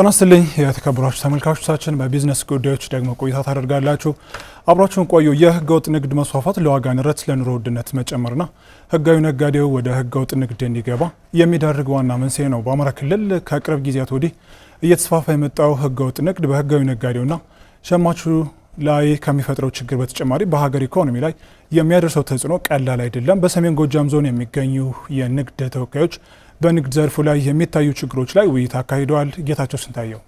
ጤና ይስጥልኝ የተከበራችሁ ተመልካቾቻችን፣ በቢዝነስ ጉዳዮች ደግሞ ቆይታ ታደርጋላችሁ። አብራችሁን ቆዩ። የህገወጥ ንግድ መስፋፋት ለዋጋ ንረት፣ ለኑሮ ውድነት መጨመርና ህጋዊ ነጋዴው ወደ ህገወጥ ንግድ እንዲገባ የሚደርግ ዋና መንስኤ ነው። በአማራ ክልል ከቅርብ ጊዜያት ወዲህ እየተስፋፋ የመጣው ህገወጥ ንግድ በህጋዊ ነጋዴውና ሸማቹ ላይ ከሚፈጥረው ችግር በተጨማሪ በሀገር ኢኮኖሚ ላይ የሚያደርሰው ተጽዕኖ ቀላል አይደለም። በሰሜን ጎጃም ዞን የሚገኙ የንግድ ተወካዮች በንግድ ዘርፉ ላይ የሚታዩ ችግሮች ላይ ውይይት አካሂደዋል። ጌታቸው ስንታየው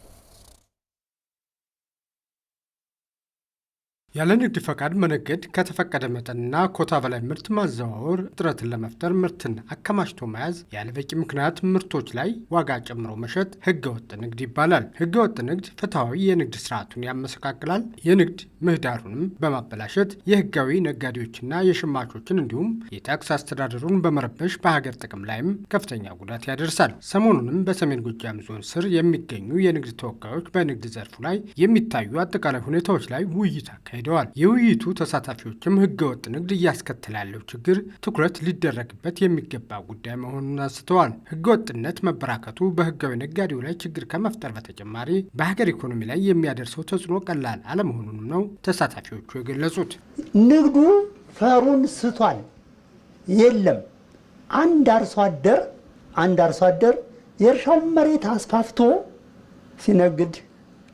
ያለ ንግድ ፈቃድ መነገድ፣ ከተፈቀደ መጠንና ኮታ በላይ ምርት ማዘዋወር፣ እጥረትን ለመፍጠር ምርትን አከማችቶ መያዝ፣ ያለ በቂ ምክንያት ምርቶች ላይ ዋጋ ጨምሮ መሸጥ ወጥ ንግድ ይባላል። ወጥ ንግድ ፍትሐዊ የንግድ ስርዓቱን ያመሰቃቅላል፣ የንግድ ምህዳሩንም በማበላሸት የህጋዊ ነጋዴዎችና የሸማቾችን እንዲሁም የታክስ አስተዳደሩን በመረበሽ በሀገር ጥቅም ላይም ከፍተኛ ጉዳት ያደርሳል። ሰሞኑንም በሰሜን ጎጃም ዞን ስር የሚገኙ የንግድ ተወካዮች በንግድ ዘርፉ ላይ የሚታዩ አጠቃላይ ሁኔታዎች ላይ ውይይት አካሂደዋል። አካሂደዋል። የውይይቱ ተሳታፊዎችም ህገወጥ ንግድ እያስከተለ ያለው ችግር ትኩረት ሊደረግበት የሚገባ ጉዳይ መሆኑን አንስተዋል። ህገወጥነት መበራከቱ በህጋዊ ነጋዴው ላይ ችግር ከመፍጠር በተጨማሪ በሀገር ኢኮኖሚ ላይ የሚያደርሰው ተጽዕኖ ቀላል አለመሆኑንም ነው ተሳታፊዎቹ የገለጹት። ንግዱ ፈሩን ስቷል። የለም አንድ አርሶ አደር አንድ አርሶ አደር የእርሻውን መሬት አስፋፍቶ ሲነግድ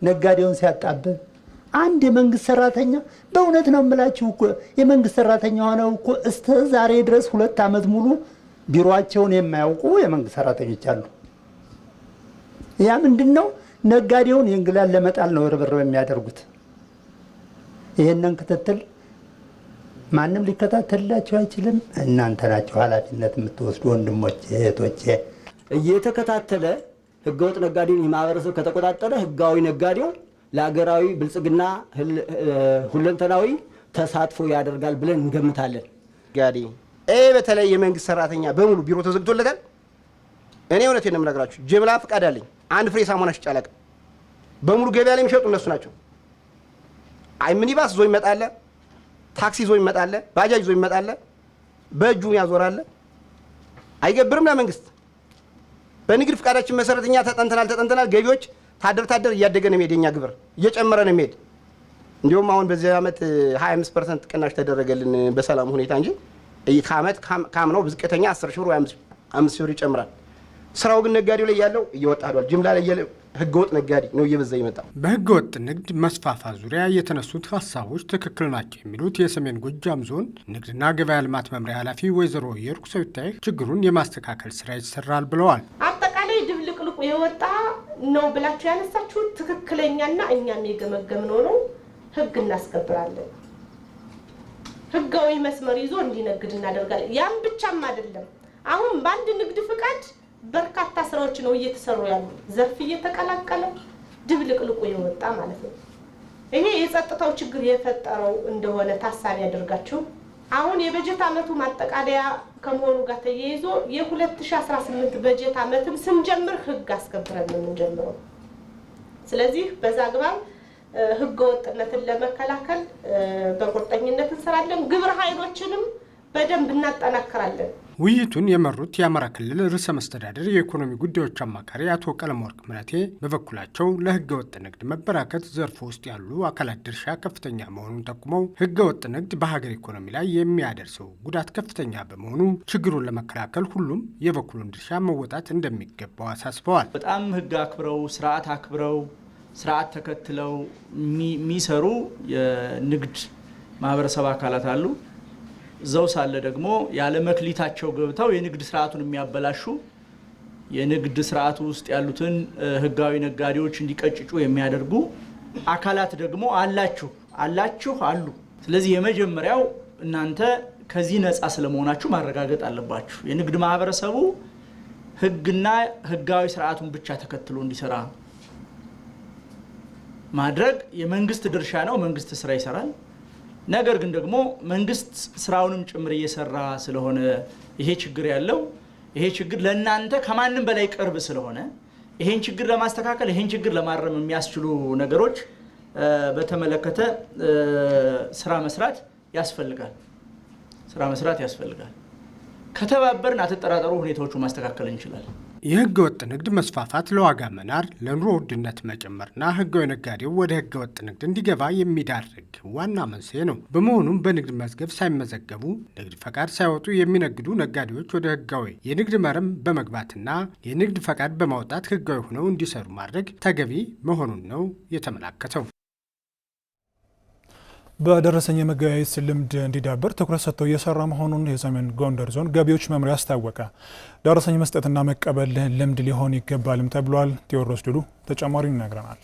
ነጋዴውን ሲያጣብብ አንድ የመንግስት ሰራተኛ በእውነት ነው የምላችሁ እኮ የመንግስት ሰራተኛ ሆነው እኮ እስከ ዛሬ ድረስ ሁለት ዓመት ሙሉ ቢሮቸውን የማያውቁ የመንግስት ሰራተኞች አሉ። ያ ምንድን ነው? ነጋዴውን የእንግላን ለመጣል ነው ርብርብ የሚያደርጉት። ይህንን ክትትል ማንም ሊከታተልላቸው አይችልም። እናንተ ናቸው ኃላፊነት የምትወስዱ ወንድሞች እህቶቼ። እየተከታተለ ህገወጥ ነጋዴውን የማህበረሰብ ከተቆጣጠረ ህጋዊ ነጋዴው ለሀገራዊ ብልጽግና ሁለንተናዊ ተሳትፎ ያደርጋል ብለን እንገምታለን። ጋዴ በተለይ የመንግስት ሰራተኛ በሙሉ ቢሮ ተዘግቶለታል። እኔ እውነት ነው የምነግራችሁ። ጅምላ ፈቃድ አለኝ። አንድ ፍሬ ሳሙና ሽጬ አላውቅም። በሙሉ ገበያ ላይ የሚሸጡ እነሱ ናቸው። አይ ሚኒባስ ይዞ ይመጣለ፣ ታክሲ ይዞ ይመጣለ፣ ባጃጅ ዞ ይመጣለ፣ በእጁ ያዞራለ። አይገብርም ለመንግስት። በንግድ ፈቃዳችን መሰረተኛ ተጠንተናል ተጠንተናል ገቢዎች ታደር ታደር እያደገ ነው የሚሄድ የኛ ግብር እየጨመረ ነው የሚሄድ። እንዲሁም አሁን በዚህ ዓመት 25 ፐርሰንት ቅናሽ ተደረገልን በሰላም ሁኔታ እንጂ ከዓመት ካምናው ብዝቅተኛ 10 ሺህ ወይ 5 ሺህ ይጨምራል። ስራው ግን ነጋዴው ላይ ያለው እየወጣ ሄዷል። ጅምላ ላይ ወጥ ነጋዴ ነው እየበዛ ይመጣ። ወጥ ንግድ መስፋፋ ዙሪያ የተነሱት ሀሳቦች ትክክል ናቸው የሚሉት የሰሜን ጎጃም ዞን ንግድና ገበያ ልማት መምሪያ ኃላፊ ወይዘሮ የሩቅ ሰው ይታይ ችግሩን የማስተካከል ስራ ይሰራል ብለዋል። አጠቃላይ ድብልቅልቁ የወጣ ነው ብላችሁ ያነሳችሁት ትክክለኛና እኛም የገመገምነው ነው። ህግ እናስከብራለን። ህጋዊ መስመር ይዞ እንዲነግድ እናደርጋለን። ያም ብቻም አይደለም። አሁን በአንድ ንግድ ፍቃድ በርካታ ስራዎች ነው እየተሰሩ ያሉ፣ ዘርፍ እየተቀላቀለ ድብልቅልቁ የወጣ ማለት ነው። ይሄ የጸጥታው ችግር የፈጠረው እንደሆነ ታሳቢ ያደርጋችሁ አሁን የበጀት ዓመቱ ማጠቃለያ ከመሆኑ ጋር ተያይዞ የ2018 በጀት ዓመትም ስንጀምር ህግ አስከብረን ነው የምንጀምረው። ስለዚህ በዛ አግባብ ህገ ወጥነትን ለመከላከል በቁርጠኝነት እንሰራለን። ግብረ ኃይሎችንም በደንብ እናጠናክራለን። ውይይቱን የመሩት የአማራ ክልል ርዕሰ መስተዳደር የኢኮኖሚ ጉዳዮች አማካሪ አቶ ቀለመወርቅ ምረቴ በበኩላቸው ለህገ ወጥ ንግድ መበራከት ዘርፎ ውስጥ ያሉ አካላት ድርሻ ከፍተኛ መሆኑን ጠቁመው ህገ ወጥ ንግድ በሀገር ኢኮኖሚ ላይ የሚያደርሰው ጉዳት ከፍተኛ በመሆኑ ችግሩን ለመከላከል ሁሉም የበኩሉን ድርሻ መወጣት እንደሚገባው አሳስበዋል። በጣም ህግ አክብረው ስርዓት አክብረው ስርዓት ተከትለው የሚሰሩ የንግድ ማህበረሰብ አካላት አሉ። እዛው ሳለ ደግሞ ያለ መክሊታቸው ገብተው የንግድ ስርዓቱን የሚያበላሹ የንግድ ስርዓቱ ውስጥ ያሉትን ህጋዊ ነጋዴዎች እንዲቀጭጩ የሚያደርጉ አካላት ደግሞ አላችሁ አላችሁ አሉ። ስለዚህ የመጀመሪያው እናንተ ከዚህ ነፃ ስለመሆናችሁ ማረጋገጥ አለባችሁ። የንግድ ማህበረሰቡ ህግና ህጋዊ ስርዓቱን ብቻ ተከትሎ እንዲሰራ ማድረግ የመንግስት ድርሻ ነው። መንግስት ስራ ይሰራል። ነገር ግን ደግሞ መንግስት ስራውንም ጭምር እየሰራ ስለሆነ ይሄ ችግር ያለው ይሄ ችግር ለእናንተ ከማንም በላይ ቅርብ ስለሆነ ይሄን ችግር ለማስተካከል ይሄን ችግር ለማረም የሚያስችሉ ነገሮች በተመለከተ ስራ መስራት ያስፈልጋል። ስራ መስራት ያስፈልጋል። ከተባበርን፣ አትጠራጠሩ፣ ሁኔታዎቹ ማስተካከል እንችላለን። የህገ ወጥ ንግድ መስፋፋት ለዋጋ መናር፣ ለኑሮ ውድነት መጨመርና ህጋዊ ነጋዴው ወደ ህገ ወጥ ንግድ እንዲገባ የሚዳርግ ዋና መንስኤ ነው። በመሆኑም በንግድ መዝገብ ሳይመዘገቡ ንግድ ፈቃድ ሳይወጡ የሚነግዱ ነጋዴዎች ወደ ህጋዊ የንግድ መረም በመግባትና የንግድ ፈቃድ በማውጣት ህጋዊ ሆነው እንዲሰሩ ማድረግ ተገቢ መሆኑን ነው የተመላከተው። በደረሰኝ የመገበያየት ልምድ እንዲዳብር ትኩረት ሰጥተው እየሰራ መሆኑን የሰሜን ጎንደር ዞን ገቢዎች መምሪያ አስታወቀ። ደረሰኝ መስጠትና መቀበል ልምድ ሊሆን ይገባልም ተብሏል። ቴዎድሮስ ድሉ ተጨማሪ ይነግረናል።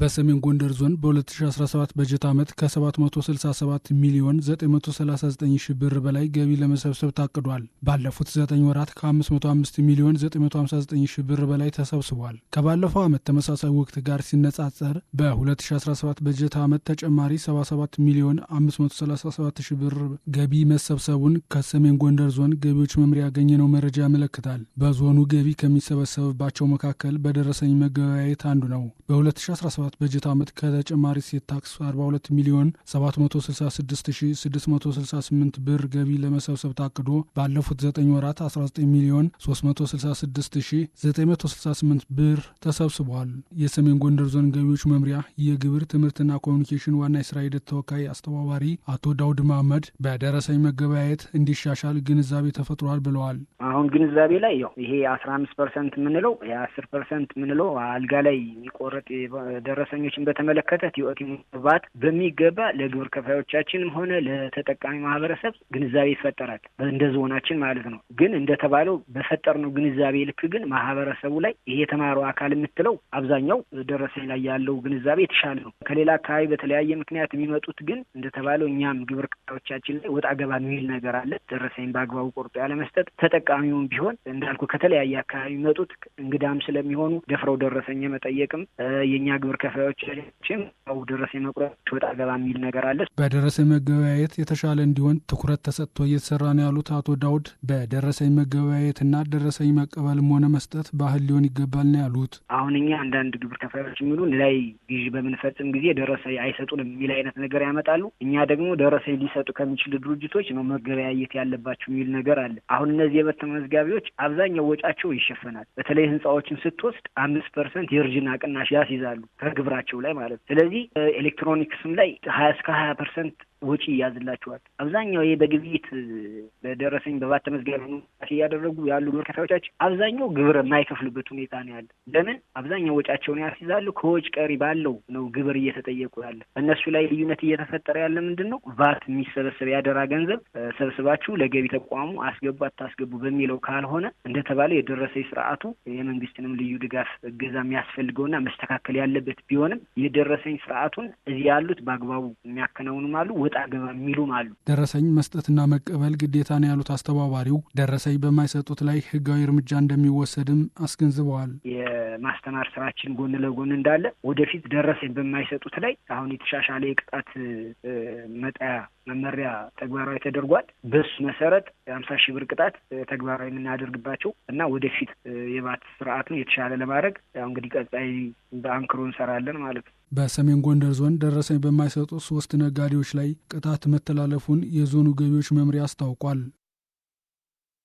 በሰሜን ጎንደር ዞን በ2017 በጀት ዓመት ከ767 ሚሊዮን 939 ሺህ ብር በላይ ገቢ ለመሰብሰብ ታቅዷል። ባለፉት 9 ወራት ከ505 ሚሊዮን 959 ሺህ ብር በላይ ተሰብስቧል። ከባለፈው ዓመት ተመሳሳይ ወቅት ጋር ሲነጻጸር በ2017 በጀት ዓመት ተጨማሪ 77 ሚሊዮን 537 ሺህ ብር ገቢ መሰብሰቡን ከሰሜን ጎንደር ዞን ገቢዎች መምሪያ ያገኘነው መረጃ ያመለክታል። በዞኑ ገቢ ከሚሰበሰብባቸው መካከል በደረሰኝ መገበያየት አንዱ ነው። በ 2017 በጀት ዓመት ከተጨማሪ እሴት ታክስ 42 ሚሊዮን 766668 ብር ገቢ ለመሰብሰብ ታቅዶ ባለፉት 9 ወራት 19 ሚሊዮን 366968 ብር ተሰብስቧል። የሰሜን ጎንደር ዞን ገቢዎች መምሪያ የግብር ትምህርትና ኮሚኒኬሽን ዋና የስራ ሂደት ተወካይ አስተባባሪ አቶ ዳውድ ማህመድ በደረሰኝ መገበያየት እንዲሻሻል ግንዛቤ ተፈጥሯል ብለዋል። አሁን ግንዛቤ ላይ ያው ይሄ 15 አምስት ፐርሰንት የምንለው የ10 ፐርሰንት የምንለው አልጋ ላይ የሚቆረጥ ደረሰኞችን በተመለከተ ቲኦቲ መግባት በሚገባ ለግብር ከፋዮቻችንም ሆነ ለተጠቃሚ ማህበረሰብ ግንዛቤ ይፈጠራል። እንደ ዞናችን ማለት ነው። ግን እንደተባለው በፈጠርነው ግንዛቤ ልክ ግን ማህበረሰቡ ላይ ይሄ የተማረው አካል የምትለው አብዛኛው ደረሰኝ ላይ ያለው ግንዛቤ የተሻለ ነው። ከሌላ አካባቢ በተለያየ ምክንያት የሚመጡት ግን እንደተባለው እኛም ግብር ከፋዮቻችን ላይ ወጣ ገባ የሚል ነገር አለ። ደረሰኝ በአግባቡ ቆርጦ ያለመስጠት ተጠቃሚውም ቢሆን እንዳልኩ ከተለያየ አካባቢ የሚመጡት እንግዳም ስለሚሆኑ ደፍረው ደረሰኝ መጠየቅም የእኛ ግብር ከፋዮቻችን ው ደረሰ መቁረጥ ወጣ ገባ የሚል ነገር አለ። በደረሰ መገበያየት የተሻለ እንዲሆን ትኩረት ተሰጥቶ እየተሰራ ነው ያሉት አቶ ዳውድ በደረሰኝ መገበያየትና ደረሰኝ መቀበልም ሆነ መስጠት ባህል ሊሆን ይገባል ነው ያሉት። አሁን እኛ አንዳንድ ግብር ከፋዮች የሚሉን ላይ ግዢ በምንፈጽም ጊዜ ደረሰኝ አይሰጡንም የሚል አይነት ነገር ያመጣሉ። እኛ ደግሞ ደረሰኝ ሊሰጡ ከሚችሉ ድርጅቶች ነው መገበያየት ያለባቸው የሚል ነገር አለ። አሁን እነዚህ የበት መዝጋቢዎች አብዛኛው ወጫቸው ይሸፈናል። በተለይ ህንፃዎችን ስትወስድ አምስት ፐርሰንት የእርጅና ቅናሽ ያስይዛሉ። ግብራቸው ላይ ማለት ነው። ስለዚህ ኤሌክትሮኒክስም ላይ ሀያ እስከ ሀያ ፐርሰንት ወጪ ይያዝላቸዋል። አብዛኛው ይህ በግብይት በደረሰኝ በባት ተመዝጋቢ እያደረጉ ያሉ በርካታዎቻችን አብዛኛው ግብር የማይከፍሉበት ሁኔታ ነው ያለ። ለምን አብዛኛው ወጫቸውን ያስይዛሉ። ከወጭ ቀሪ ባለው ነው ግብር እየተጠየቁ ያለ። እነሱ ላይ ልዩነት እየተፈጠረ ያለ ምንድን ነው ቫት የሚሰበሰብ ያደራ ገንዘብ ሰብስባችሁ ለገቢ ተቋሙ አስገቡ አታስገቡ በሚለው ካልሆነ እንደተባለ የደረሰኝ ስርዓቱ የመንግስትንም ልዩ ድጋፍ እገዛ የሚያስፈልገውና መስተካከል ያለበት ቢሆንም የደረሰኝ ስርዓቱን እዚህ ያሉት በአግባቡ የሚያከናውኑም አሉ ወጣ ገባ የሚሉም አሉ። ደረሰኝ መስጠትና መቀበል ግዴታ ነው ያሉት አስተባባሪው ደረሰኝ በማይሰጡት ላይ ህጋዊ እርምጃ እንደሚወሰድም አስገንዝበዋል። የማስተማር ስራችን ጎን ለጎን እንዳለ ወደፊት ደረሰኝ በማይሰጡት ላይ አሁን የተሻሻለ የቅጣት መጣያ መመሪያ ተግባራዊ ተደርጓል። በሱ መሰረት የአምሳ ሺህ ብር ቅጣት ተግባራዊ የምናደርግባቸው እና ወደፊት የባት ስርዓቱን የተሻለ ለማድረግ ያው እንግዲህ ቀጣይ በአንክሮ እንሰራለን ማለት ነው። በሰሜን ጎንደር ዞን ደረሰኝ በማይሰጡ ሶስት ነጋዴዎች ላይ ቅጣት መተላለፉን የዞኑ ገቢዎች መምሪያ አስታውቋል።